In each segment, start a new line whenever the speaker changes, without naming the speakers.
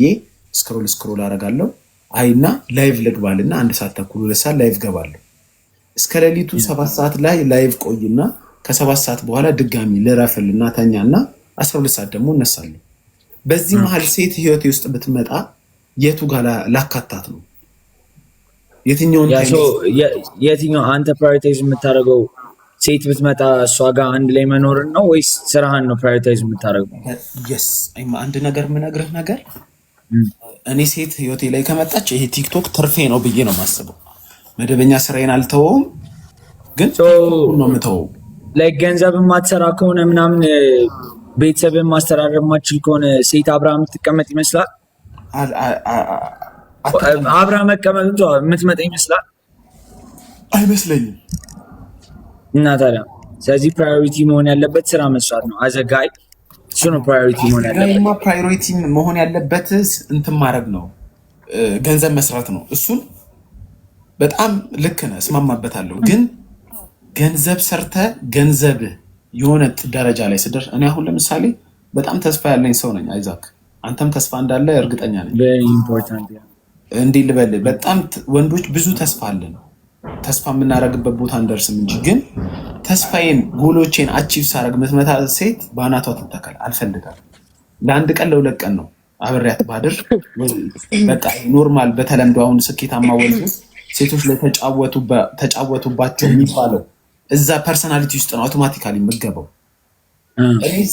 ብዬ ስክሮል ስክሮል አደርጋለሁ አይና ላይቭ ልግባልና አንድ ሰዓት ተኩል ሁለት ሰዓት ላይቭ ገባለሁ። እስከ ሌሊቱ ሰባት ሰዓት ላይ ላይቭ ቆይና ከሰባት ሰዓት በኋላ ድጋሚ ልረፍልና ተኛና አስራ ሁለት ሰዓት ደግሞ እነሳለሁ። በዚህ መሀል ሴት ህይወቴ ውስጥ ብትመጣ የቱ ጋር ላካታት ነው?
የትኛውን የትኛው አንተ ፕራዮሪታይዝ የምታደርገው ሴት ብትመጣ እሷ ጋር አንድ ላይ መኖርን ነው ወይስ ስራህን ነው ፕራዮሪታይዝ የምታደርገው?
አንድ ነገር የምነግርህ ነገር እኔ ሴት ህይወቴ ላይ ከመጣች ይሄ ቲክቶክ ትርፌ ነው ብዬ ነው የማስበው። መደበኛ ስራዬን አልተወውም፣ ግን ነው ምተው
ላይ ገንዘብ የማትሰራ ከሆነ ምናምን ቤተሰብ ማስተዳደር የማችል ከሆነ ሴት አብራ የምትቀመጥ ይመስላል። አብራ መቀመጥ የምትመጣ ይመስላል አይመስለኝም። እና ታዲያ ስለዚህ ፕራዮሪቲ መሆን ያለበት ስራ መስራት ነው አዘጋይ እሱ ነው ፕራዮሪቲ መሆን ያለበት።
ፕራዮሪቲ መሆን ያለበት እንትን ማድረግ ነው፣ ገንዘብ መስራት ነው። እሱን በጣም ልክ ነህ፣ እስማማበታለሁ። ግን ገንዘብ ሰርተህ ገንዘብ የሆነ ደረጃ ላይ ስደርስ፣ እኔ አሁን ለምሳሌ በጣም ተስፋ ያለኝ ሰው ነኝ አይዛክ፣ አንተም ተስፋ እንዳለ እርግጠኛ ነኝ። እንዲህ ልበልህ፣ በጣም ወንዶች ብዙ ተስፋ አለን፣ ተስፋ የምናደርግበት ቦታ እንደርስም እንጂ ግን ተስፋዬን ጎሎቼን አቺቭ ሳረግ ምትመታ ሴት በአናቷ ትተከል አልፈልጋል። ለአንድ ቀን ለሁለት ቀን ነው አብሬያት ባድር። በቃ ኖርማል። በተለምዶ አሁን ስኬታማ ወንድ ሴቶች ላይ ተጫወቱባቸው የሚባለው እዛ ፐርሰናሊቲ ውስጥ ነው አውቶማቲካሊ የምገባው።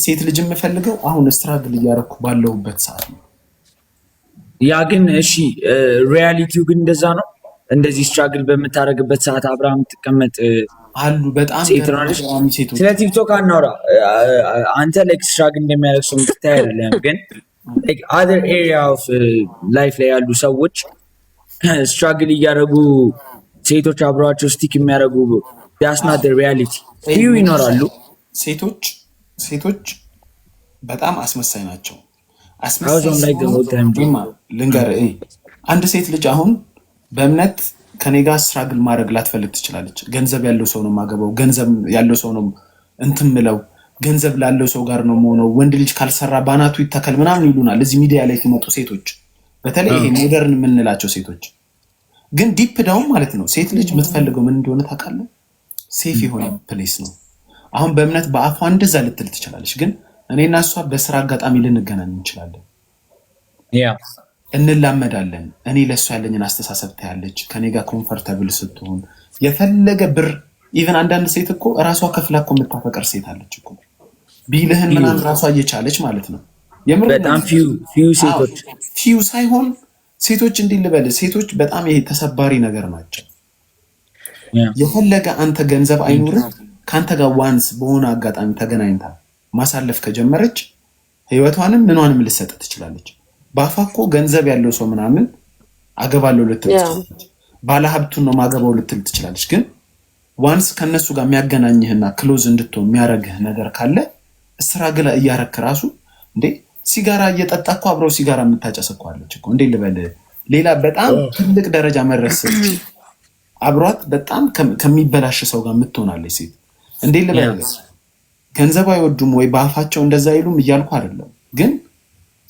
ሴት ልጅ የምፈልገው አሁን ስትራግል እያደረኩ ባለሁበት ሰዓት ነው።
ያ ግን እሺ፣ ሪያሊቲው ግን እንደዛ ነው። እንደዚህ ስትራግል በምታደርግበት ሰዓት አብርሃም ትቀመጥ አሉ በጣም ሴቶች። ስለ ቲክቶክ አናውራ። አንተ ላይክ ስትራግ እንደሚያደርግ ሰው ምትታይ አይደለም፣ ግን አደር ኤሪያ ኦፍ ላይፍ ላይ ያሉ ሰዎች ስትራግል እያደረጉ ሴቶች አብረዋቸው ስቲክ የሚያደረጉ ያስናደር ሪያሊቲ ዩ ይኖራሉ።
ሴቶች ሴቶች በጣም አስመሳይ ናቸው።
አስመሳይ
ልንገር፣ አንድ ሴት ልጅ አሁን በእምነት ከኔ ጋር ስትራግል ማድረግ ላትፈልግ ትችላለች። ገንዘብ ያለው ሰው ነው የማገባው፣ ገንዘብ ያለው ሰው ነው እንትን ምለው፣ ገንዘብ ላለው ሰው ጋር ነው መሆነው። ወንድ ልጅ ካልሰራ ባናቱ ይተከል ምናምን ይሉናል። እዚህ ሚዲያ ላይ ሲመጡ ሴቶች፣ በተለይ ይሄ ሞደርን የምንላቸው ሴቶች ግን ዲፕ ዳውን ማለት ነው። ሴት ልጅ የምትፈልገው ምን እንደሆነ ታውቃለህ? ሴፍ የሆነ ፕሌስ ነው። አሁን በእምነት በአፏ እንደዛ ልትል ትችላለች፣ ግን እኔና እሷ በስራ አጋጣሚ ልንገናኝ እንችላለን። እንላመዳለን። እኔ ለእሷ ያለኝን አስተሳሰብ ታያለች። ከኔ ጋር ኮምፈርተብል ስትሆን የፈለገ ብር ኢቨን አንዳንድ ሴት እኮ እራሷ ከፍላ እኮ የምታፈቀር ሴት አለች እኮ ቢልህን ምናምን እራሷ እየቻለች ማለት ነው። በጣም ሳይሆን ሴቶች እንዲህ ልበል፣ ሴቶች በጣም ይሄ ተሰባሪ ነገር ናቸው። የፈለገ አንተ ገንዘብ አይኖርህ ከአንተ ጋር ዋንስ በሆነ አጋጣሚ ተገናኝታ ማሳለፍ ከጀመረች ህይወቷንም ምኗንም ልሰጥ ትችላለች። በአፋ እኮ ገንዘብ ያለው ሰው ምናምን አገባለሁ ልትል ትችላለች፣ ባለሀብቱን ነው ማገባው ልትል ትችላለች። ግን ዋንስ ከነሱ ጋር የሚያገናኝህና ክሎዝ እንድትሆን የሚያረግህ ነገር ካለ ስራ ግላ እያረክ ራሱ እንዴ ሲጋራ እየጠጣ እኮ አብረው ሲጋራ የምታጨስኳለች እኮ እንዴ ልበል ሌላ በጣም ትልቅ ደረጃ መድረስ አብሯት በጣም ከሚበላሽ ሰው ጋር የምትሆናለች ሴት እንዴ ልበል ገንዘብ አይወዱም ወይ በአፋቸው እንደዛ አይሉም እያልኩ አይደለም።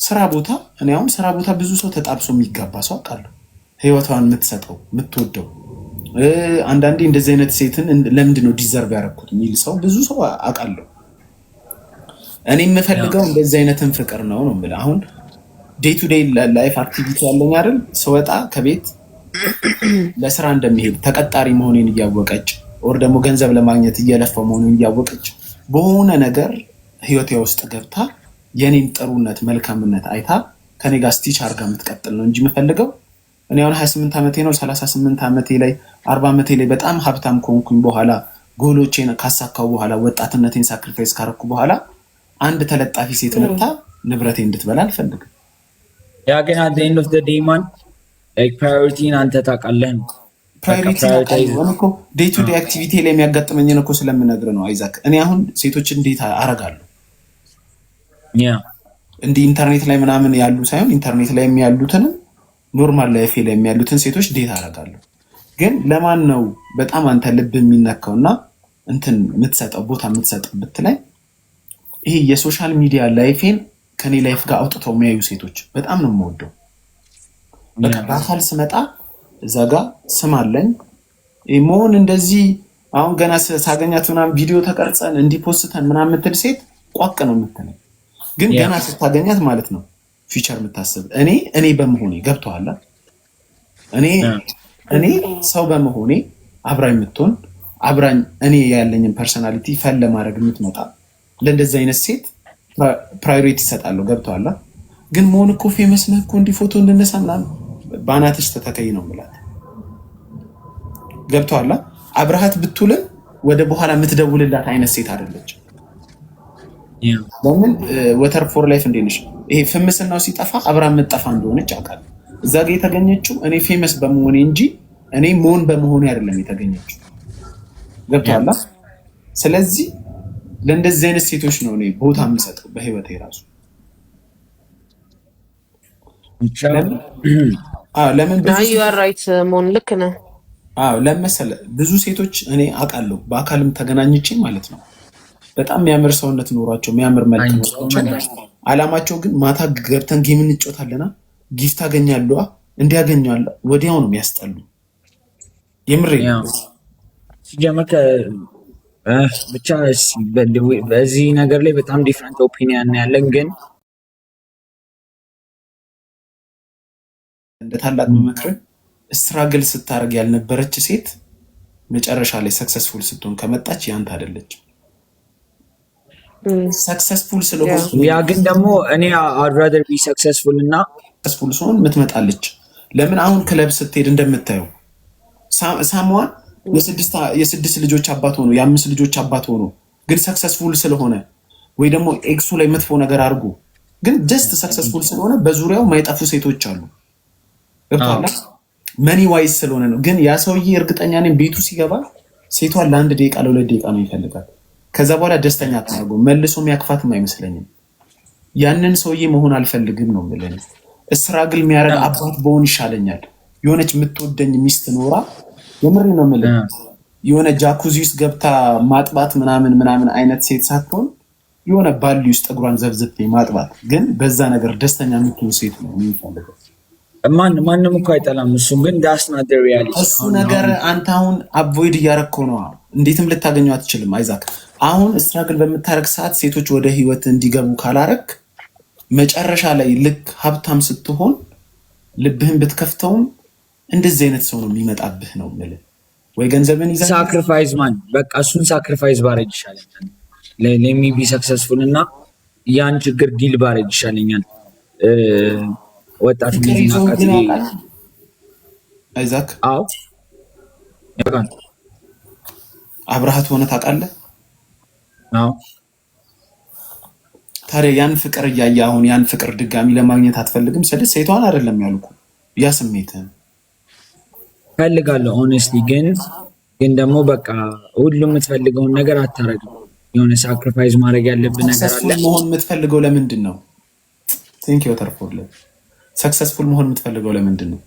ስራ ቦታ እኔ አሁን ስራ ቦታ ብዙ ሰው ተጣብሶ የሚጋባ ሰው አውቃለሁ። ህይወቷን የምትሰጠው የምትወደው አንዳንዴ እንደዚህ አይነት ሴትን ለምንድን ነው ዲዘርቭ ያደረኩት የሚል ሰው ብዙ ሰው አውቃለሁ። እኔ የምፈልገው እንደዚህ አይነትን ፍቅር ነው ነው የምልህ። አሁን ዴይ ቱ ዴይ ላይፍ አክቲቪቲ ያለኝ አይደል፣ ስወጣ ከቤት ለስራ እንደሚሄድ ተቀጣሪ መሆኔን እያወቀች ወር ደግሞ ገንዘብ ለማግኘት እየለፈው መሆኑን እያወቀች በሆነ ነገር ህይወቴ ውስጥ ገብታ የኔን ጥሩነት መልካምነት አይታ ከኔ ጋር ስቲች አርጋ የምትቀጥል ነው እንጂ የምፈልገው እኔ አሁን 28 ዓመቴ ነው። 38 ዓመቴ ላይ 40 ዓመቴ ላይ በጣም ሀብታም ከሆንኩኝ በኋላ ጎሎቼን ካሳካው በኋላ ወጣትነቴን ሳክሪፋይስ ካረኩ በኋላ አንድ ተለጣፊ ሴት መጥታ ንብረቴ እንድትበላ አልፈልግም።
ያ ግን አንተ ኢንድ ኦፍ ዘ ዴይ ማን ፕራዮሪቲን አንተ ታውቃለህ ነው
ዴይ ቱ ዴይ አክቲቪቲ ላይ የሚያጋጥመኝን እኮ ስለምነግር ነው አይዛክ። እኔ አሁን ሴቶች እንዴት አረጋለሁ እንዲህ ኢንተርኔት ላይ ምናምን ያሉ ሳይሆን ኢንተርኔት ላይ የሚያሉትንም ኖርማል ላይፍ ላይ የሚያሉትን ሴቶች ዴት አደርጋለሁ። ግን ለማን ነው በጣም አንተ ልብ የሚነካው እና እንትን የምትሰጠው ቦታ የምትሰጠው ብትለኝ፣ ይሄ የሶሻል ሚዲያ ላይፌን ከኔ ላይፍ ጋር አውጥተው የሚያዩ ሴቶች በጣም ነው የምወደው። በቃ በአካል ስመጣ እዛ ጋ ስም አለኝ መሆን እንደዚህ አሁን ገና ሳገኛት ምናምን ቪዲዮ ተቀርጸን እንዲፖስተን ምናምን የምትል ሴት ቋቅ ነው የምትለኝ። ግን ገና ስታገኛት ማለት ነው ፊቸር የምታስብ እኔ እኔ በመሆኔ ገብተዋላ እኔ እኔ ሰው በመሆኔ አብራኝ የምትሆን አብራኝ እኔ ያለኝን ፐርሶናሊቲ ፈን ለማድረግ የምትመጣ ለእንደዚህ አይነት ሴት ፕራዮሪቲ ይሰጣለሁ። ገብተዋላ ግን መሆን እኮ ፌመስ ነህ እኮ እንዲህ ፎቶ እንነሳ ምናምን በአናትሽ ተተከይ ነው ምላት። ገብተዋላ አብረሃት ብትውልን ወደ በኋላ የምትደውልላት አይነት ሴት አይደለችም። ለምን ወተር ፎር ላይፍ እንዴት ነሽ? ይሄ ፍምስናው ሲጠፋ አብራ የምጠፋ እንደሆነች አውቃለሁ። እዛ ጋ የተገኘችው እኔ ፌመስ በመሆኔ እንጂ እኔ ሞን በመሆኔ አይደለም የተገኘችው። ገብታላ ስለዚህ ለእንደዚህ አይነት ሴቶች ነው እኔ ቦታ የምሰጠው በህይወት የራሱ
ለምን uh, ልክ ነህ
ብዙ ሴቶች እኔ አውቃለሁ በአካልም ተገናኝቼ ማለት ነው በጣም የሚያምር ሰውነት ኖሯቸው የሚያምር መልክ ኖሯቸው፣ አላማቸው ግን ማታ ገብተን ጌም እንጮታለና ጊፍት አገኛለዋ እንዲያገኘዋለ ወዲያው ነው የሚያስጠሉ። የምር
ሲጀመር ብቻ በዚህ ነገር ላይ በጣም ዲፍረንት ኦፒኒያን ያለን ግን
እንደ ታላቅ መመክርን ስትራግል ስታደርግ ያልነበረች ሴት መጨረሻ ላይ ሰክሰስፉል ስትሆን ከመጣች ያንተ አይደለችም። ሰክሰስፉል ስለሆኑ
ያ ግን ደግሞ እኔ አድራደር ቢ ሰክሰስፉል እና
ሰክሰስፉል ሲሆን ምትመጣለች። ለምን አሁን ክለብ ስትሄድ እንደምታየው ሳሟን የስድስት ልጆች አባት ሆኖ የአምስት ልጆች አባት ሆኖ ግን ሰክሰስፉል ስለሆነ ወይ ደግሞ ኤክሱ ላይ መጥፎ ነገር አድርጎ ግን ጀስት ሰክሰስፉል ስለሆነ በዙሪያው ማይጠፉ ሴቶች አሉ። መኒ ዋይዝ ስለሆነ ነው። ግን ያ ሰውዬ እርግጠኛ ነኝ ቤቱ ሲገባ ሴቷን ለአንድ ደቂቃ ለሁለት ደቂቃ ነው ይፈልጋል። ከዛ በኋላ ደስተኛ ታደርጉ መልሶ የሚያክፋትም አይመስለኝም። ያንን ሰውዬ መሆን አልፈልግም ነው እስራ ግል የሚያደርግ አባት በሆን ይሻለኛል። የሆነች የምትወደኝ ሚስት ኖራ የምር ነው ምለ የሆነ ጃኩዚ ውስጥ ገብታ ማጥባት ምናምን ምናምን አይነት ሴት ሳትሆን የሆነ ባሊ ውስጥ ጠጉሯን ዘብዝቤ ማጥባት፣ ግን በዛ ነገር ደስተኛ የምትሆን ሴት ነው የሚፈልገው።
ማንም እኮ አይጠላም። እሱ ግን
እሱ ነገር አንተ አሁን አቮይድ እያረግከው ነው። እንዴትም ልታገኘው አትችልም አይዛክ አሁን ስትራግል በምታረግ ሰዓት ሴቶች ወደ ህይወት እንዲገቡ ካላረግ መጨረሻ ላይ ልክ ሀብታም ስትሆን ልብህን ብትከፍተውም እንደዚህ አይነት ሰው ነው የሚመጣብህ ነው የምልህ። ወይ ገንዘብን
ይዘህ ሳክሪፋይዝ ማን በቃ እሱን ሳክሪፋይዝ ባረግ ይሻለኛል። ለሚ ቢ ሰክሰስፉል እና ያን ችግር ዲል ባረግ ይሻለኛል። ወጣት አይዛክ አዎ
አብረሃት ሆነ ታውቃለህ ታዲያ ያን ፍቅር እያየ አሁን ያን ፍቅር ድጋሚ ለማግኘት አትፈልግም? ስልህ ሴቷን አይደለም ያልኩ ያ ስሜትን
ፈልጋለሁ። ሆነስትሊ ግን ግን ደግሞ በቃ ሁሉም የምትፈልገውን ነገር አታረግም። የሆነ ሳክሪፋይዝ ማድረግ ያለብን
ነገር አለ። መሆን የምትፈልገው ለምንድን ነው? ቴንክ ዩ ተርፎልህ። ሰክሰስፉል መሆን የምትፈልገው ለምንድን ነው?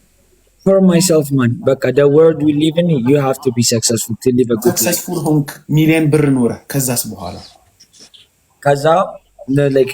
ፎር ማይሰልፍ ማን በቃ ደ ወርድ ዊ ሊቭ ኢን ዩ ሃቭ ቱ ቢ ሰክሰስፉል ቱ ሊቭ
ሰክሰስፉል ሆንክ ሚሊዮን ብር ኖረ ከዛስ በኋላ
ከዛ ላይክ